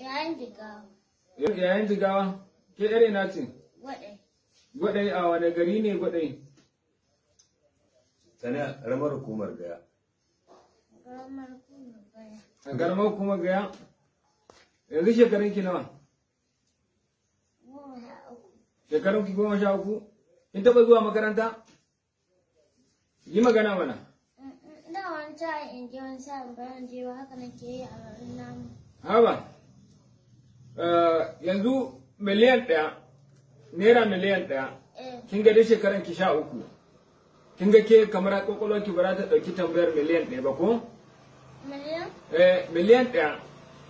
Yayin jigawa. Yayin gawa. Ke yare na ce? Gwaɗai. Gwaɗai a wane gari ne gwadai? Tana ramar hukumar gaya. Ramar hukumar gaya. A hukumar gaya? Yanzu shekarun ki nawa? Goma sha uku. Shekarun ki goma sha uku? Kin taɓa zuwa makaranta? Yi magana mana. Mm, mm, da wancan in je wancan bayan jewa haka nake yi a garin namu. Haba. Eh, yanzu miliyan ɗaya naira miliyan ɗaya eh. kin ga dai shekaran ki sha uku kin ga ke kamar a kwakwalwar ki ta ɗauki tambayar miliyan ɗaya ba ko? miliyan? eh miliyan ɗaya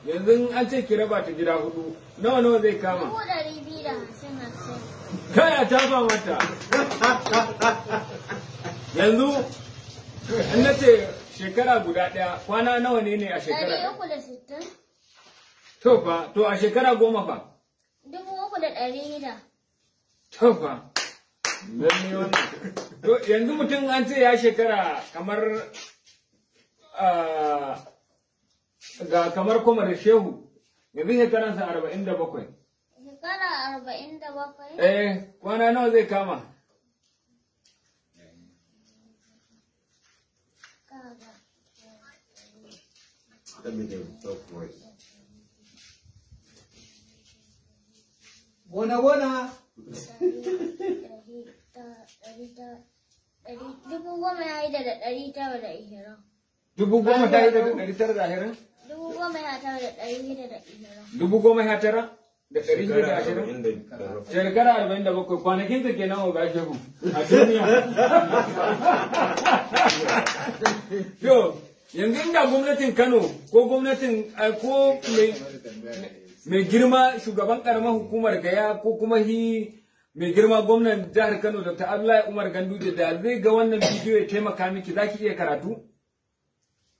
yanzu an ce ki raba ta gida hudu nawa nawa zai kama? dubu ɗari biyu da hamsin kaya ta ba mata yanzu in na ce shekara guda ɗaya kwana nawa ne ne a shekara? ɗari uku da sittin To fa, to a shekara goma fa? Dubu uku da ɗari da. To fa, yi wannan. To yanzu mutum an ce ya shekara kamar ga kamar kwamar shehu, yanzu shekaransa arba'in da bakwai. Shekara arba'in da bakwai? Eh, kwana nawa zai kama? Let me do it. Bona-bona. Dubu goma ya yi da ɗari tara da Dubu goma ta da ɗari tara da ashirin? Dubu goma ya tara da ɗari da Dubu goma ya tara? da ɗari da ashirin shekara arba'in da bakwai kwanakin ka kenan o gashe ku a duniya yo yanzu inda gwamnatin kano ko gwamnatin eh, ko mai mai girma shugaban karamar hukumar gaya ko kuma hi mai girma gwamnan jihar kano dr abdullahi umar ganduje da zai ga wannan bidiyo ya taimaka miki za ki iya karatu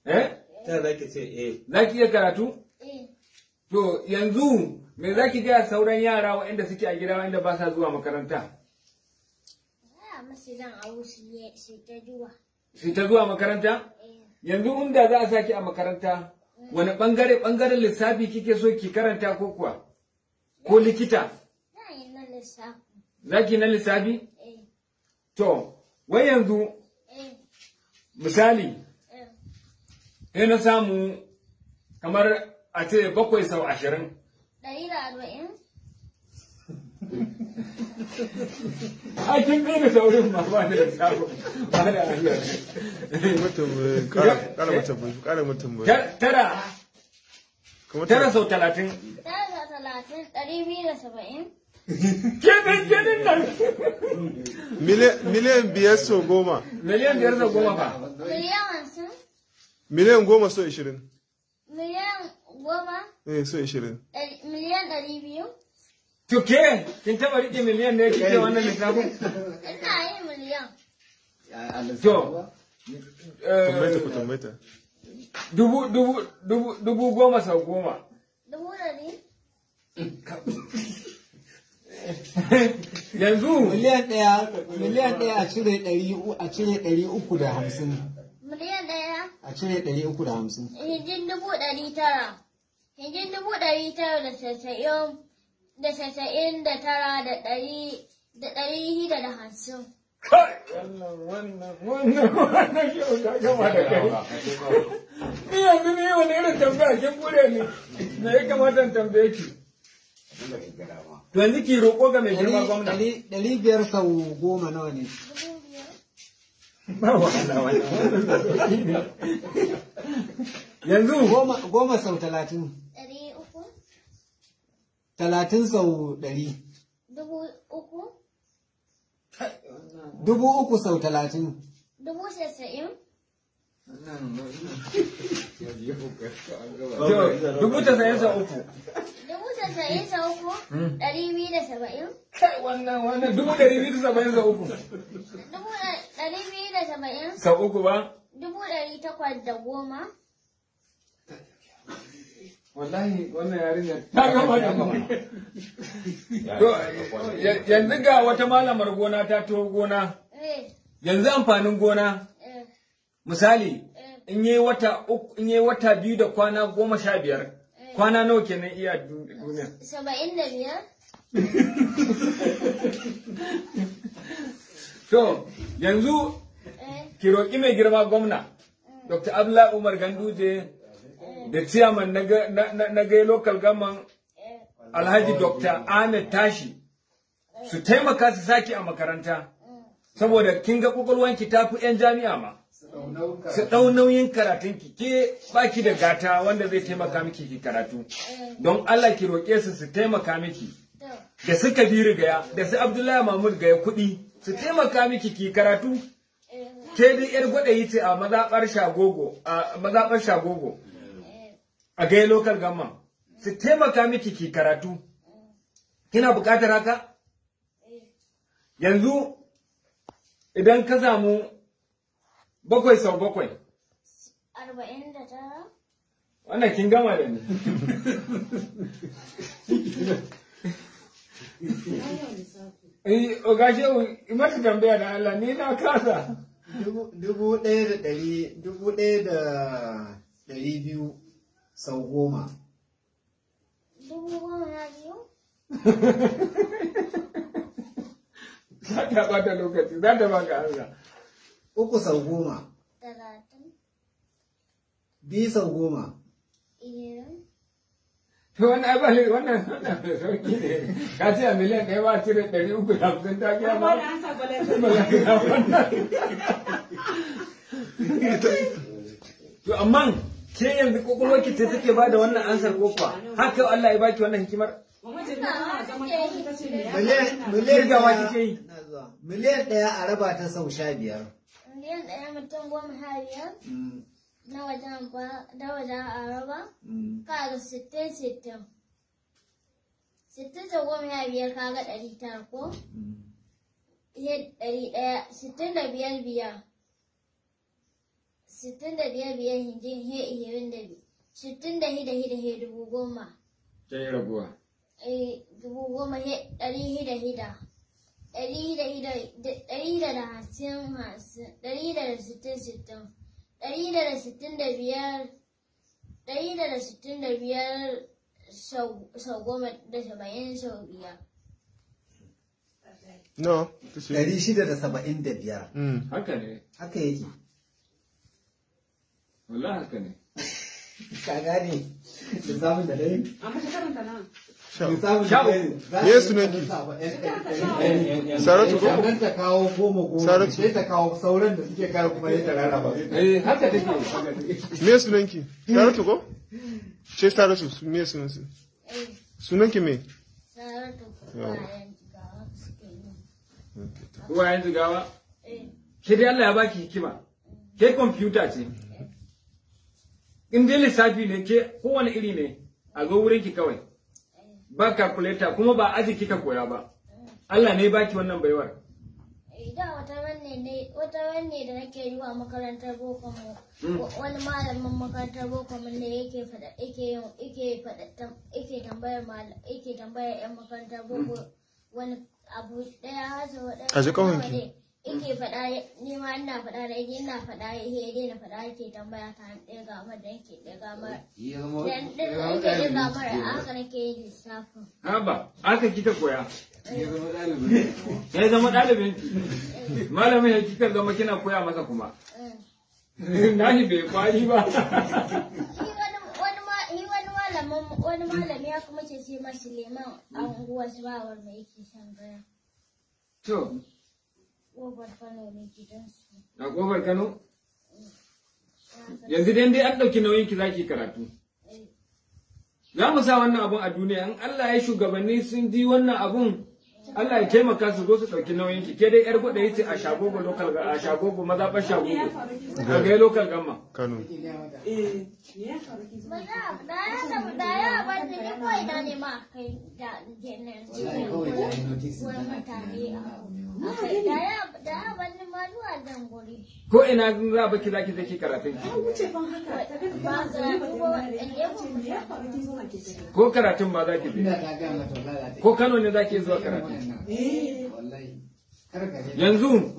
eh za ki ce eh za ki iya karatu eh. to yanzu me za ki gaya sauran yara waɗanda suke a gida waɗanda ba sa zuwa makaranta su ta zuwa makaranta eh. yanzu inda za a saki a makaranta wani bangare bangaren lissafi kike so ki karanta ko kuwa ko likita zaki na lissafi eh. to wai yanzu eh. misali eh. sai na samu kamar a ce bakwai sau ashirin a kin saurin ma ba da sabo ba da sau talatin tara sau talatin ɗari biyu da saba'in Kedin nan. Miliyan biyar so goma. Miliyan biyar so goma ba. Miliyan hamsin. Miliyan goma so ishirin. Miliyan goma. Eh so ishirin. Miliyan ɗari biyu. To ke, kin taɓa riƙe miliyan ne kike eh. wannan littafin? Ina yi miliyan. To, eh, tumbaita ku tumbaita. Dubu, dubu, dubu, dubu goma sau goma. Dubu ɗari? Yanzu? Miliyan ɗaya, miliyan ɗaya a cire ɗari a cire ɗari uku da hamsin. Miliyan ɗaya? A cire ɗari uku da hamsin. Hijin dubu ɗari tara. Hijin dubu ɗari tara da sassa'in. da casa'in da tara da ɗari da ɗari hida da hamsin. Wannan wannan wannan wannan yau ta da kai. Ni yanzu ni wani irin tambaya kure ni me ya kamata in tambaye ki. To yanzu ki roƙo ga mai girma Ɗari biyar goma nawa ne. Yanzu goma sau talatin. Eh, Talatin sau ɗari. Dubu uku? Dubu uku sau talatin. Dubu sassa'in? Dubu sassa'in sau uku. Dubu sassa'in sau uku? Hmm. Ɗari biyu da saba'in? Wannan wannan dubu ɗari biyu da saba'in sau uku. Dubu ɗari biyu da saba'in? Sau uku ba? Dubu ɗari takwas da goma. yanzu ga wata malamar gona ta tuho gona eh. yanzu amfanin gona eh. misali eh. in yi wata biyu da kwana goma sha biyar kwana nawa kenan iya duniya saba'in da biyar to yanzu ki roƙi mai girma gwamna dr abla umar ganduje da ciyaman na gai local gaman alhaji dr ahmed tashi su taimaka su saki a makaranta saboda kin ga kwakwalwan ki tafi 'yan jami'a ma su ɗau nauyin ki ke baki da gata wanda zai taimaka miki ki karatu don allah ki roƙe su su taimaka miki da su kabiru gaya da su abdullahi mahmud gaya kuɗi su taimaka miki ki karatu ke dai yar gwada yi ce a mazaɓar shagogo a gai local government su taimaka miki ki karatu kina buƙatar haka yanzu idan ka samu bakwai sau bakwai wannan kin gama da ni Eh, gashi mata tambaya da Allah ni na kasa. Dubu ɗaya da ɗari, dubu ɗaya da ɗari biyu sau goma dubu goma na biyu za ta bata lokaci za ta baka amsa uku sau goma talatin biyu sau goma wannan ne ka ce to amma ke yanzu kokolwar ki ce take ba da wannan ansar ko kuwa haka Allah ya baki wannan hikimar miliyan kike yi miliyan daya a raba ta sau sha biyar miliyan daya mutum goma har biyar mm. na wajen da wajen a raba mm. kaga sittin sittin sittin da goma sha biyar kaga ɗari tara ko mm. biyar biyar sittin da biyar biyar hinjin he ihirin da biyu sittin da hida hida he dubu goma ta yi raguwa eh, dubu goma he ɗari hida hida ɗari hida da hamsin hamsin ɗari hida da sittin sittin ɗari hida da sittin da biyar ɗari hida da sittin da biyar sau goma da saba'in sau biyar No. Ɗari shida da saba'in da biyar. Hmm, haka ne. Haka yake. wallah haka da amma ta Saratu ya eh, Saratu go? Ce Saratu me sunan su? Eh. me? Saratu. yanzu gawa? Eh. dai Allah ya baki hikima. Ke kwamfuta ce. in dai lissafi ne ke kowane iri ne a zo wurin ki kawai ba calculator kuma ba aji kika koya ba Allah ne baki wannan baiwar idan eh, wata wanne ne wata wanne da nake yi wa makarantar boko mu hmm. wani malamin makarantar boko mu ne yake fada yake yin yake fada yake tambayar malam yake tambayar yan makarantar boko hmm. wani abu daya hazo daya a ji kawai yake faɗa ni ma ina faɗa da yake ina faɗa ya he dai na faɗa yake tambaya ta an ɗaya gama da yake ɗaya gama dan yake ɗaya haka nake yin lissafin. Haba, aka kita koya. Ya zama eh. ɗalibin. Malamin ya kika zama kina koya masa kuma. Eh. Nahi bai kwari ba. Wani malami ya kuma ce sai mashi leman a unguwa shi ba wanda yake shan gaya. To, Kofar Kano? Yanzu dai dai an ɗauki nauyin ki zaki karatu. Eh. Za mu sa wannan abun a duniya in Allah ya shugabanni sun ji wannan abun Allah ya taimaka su zo su ɗauki nauyin ki ke dai ƴar gwada yace a shagogo local a shagogo maza ba shagogo a ga local gamma Kano eh da ya ko ina za a baki zaki zaki karatun ki ko karatun ba zaki bi. ko Kano ne zaki zuwa karatun eh. yanzu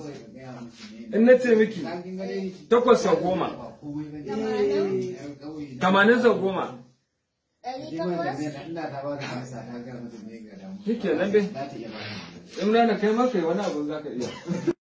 in na ce miki takwas sau goma eh, tamanin sau goma Kike nan dai, in rana kai maka wani abu za iya.